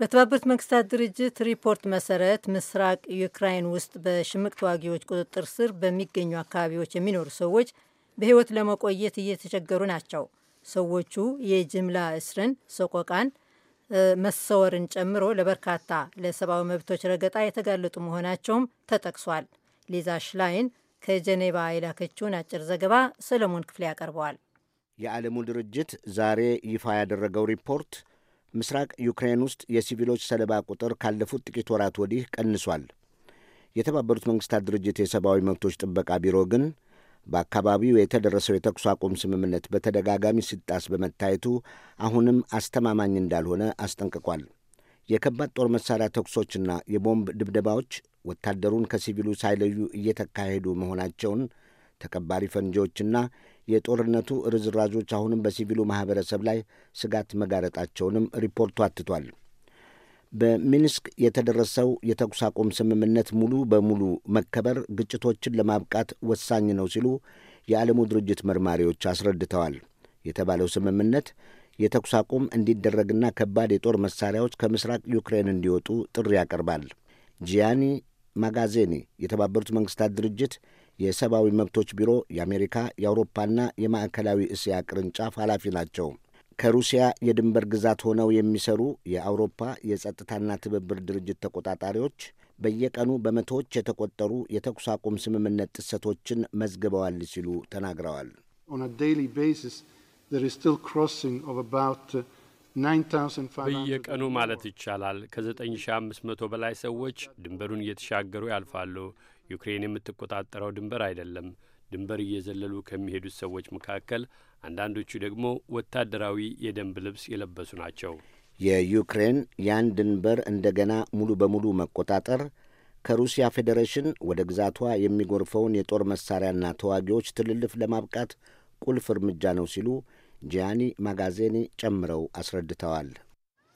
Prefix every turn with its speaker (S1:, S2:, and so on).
S1: በተባበሩት መንግስታት ድርጅት ሪፖርት መሰረት ምስራቅ ዩክራይን ውስጥ በሽምቅ ተዋጊዎች ቁጥጥር ስር በሚገኙ አካባቢዎች የሚኖሩ ሰዎች በህይወት ለመቆየት እየተቸገሩ ናቸው። ሰዎቹ የጅምላ እስርን፣ ሰቆቃን፣ መሰወርን ጨምሮ ለበርካታ ለሰብአዊ መብቶች ረገጣ የተጋለጡ መሆናቸውም ተጠቅሷል። ሊዛ ሽላይን ከጀኔቫ የላከችውን አጭር ዘገባ ሰለሞን ክፍሌ ያቀርበዋል።
S2: የዓለሙ ድርጅት ዛሬ ይፋ ያደረገው ሪፖርት ምስራቅ ዩክሬን ውስጥ የሲቪሎች ሰለባ ቁጥር ካለፉት ጥቂት ወራት ወዲህ ቀንሷል። የተባበሩት መንግስታት ድርጅት የሰብአዊ መብቶች ጥበቃ ቢሮ ግን በአካባቢው የተደረሰው የተኩስ አቁም ስምምነት በተደጋጋሚ ሲጣስ በመታየቱ አሁንም አስተማማኝ እንዳልሆነ አስጠንቅቋል። የከባድ ጦር መሳሪያ ተኩሶችና የቦምብ ድብደባዎች ወታደሩን ከሲቪሉ ሳይለዩ እየተካሄዱ መሆናቸውን ተቀባሪ ፈንጂዎችና የጦርነቱ ርዝራዦች አሁንም በሲቪሉ ማኅበረሰብ ላይ ስጋት መጋረጣቸውንም ሪፖርቱ አትቷል። በሚንስክ የተደረሰው የተኩስ አቁም ስምምነት ሙሉ በሙሉ መከበር ግጭቶችን ለማብቃት ወሳኝ ነው ሲሉ የዓለሙ ድርጅት መርማሪዎች አስረድተዋል። የተባለው ስምምነት የተኩስ አቁም እንዲደረግና ከባድ የጦር መሳሪያዎች ከምስራቅ ዩክሬን እንዲወጡ ጥሪ ያቀርባል። ጂያኒ ማጋዜኒ የተባበሩት መንግስታት ድርጅት የሰብአዊ መብቶች ቢሮ የአሜሪካ የአውሮፓና የማዕከላዊ እስያ ቅርንጫፍ ኃላፊ ናቸው። ከሩሲያ የድንበር ግዛት ሆነው የሚሰሩ የአውሮፓ የጸጥታና ትብብር ድርጅት ተቆጣጣሪዎች በየቀኑ በመቶዎች የተቆጠሩ የተኩስ አቁም ስምምነት ጥሰቶችን መዝግበዋል ሲሉ ተናግረዋል።
S3: በየቀኑ ማለት ይቻላል ከ9500 በላይ ሰዎች ድንበሩን እየተሻገሩ ያልፋሉ። ዩክሬን የምትቆጣጠረው ድንበር አይደለም። ድንበር እየዘለሉ ከሚሄዱት ሰዎች መካከል አንዳንዶቹ ደግሞ ወታደራዊ የደንብ ልብስ የለበሱ ናቸው።
S2: የዩክሬን ያን ድንበር እንደገና ሙሉ በሙሉ መቆጣጠር ከሩሲያ ፌዴሬሽን ወደ ግዛቷ የሚጎርፈውን የጦር መሳሪያና ተዋጊዎች ትልልፍ ለማብቃት ቁልፍ እርምጃ ነው ሲሉ ጂያኒ ማጋዜኒ ጨምረው አስረድተዋል።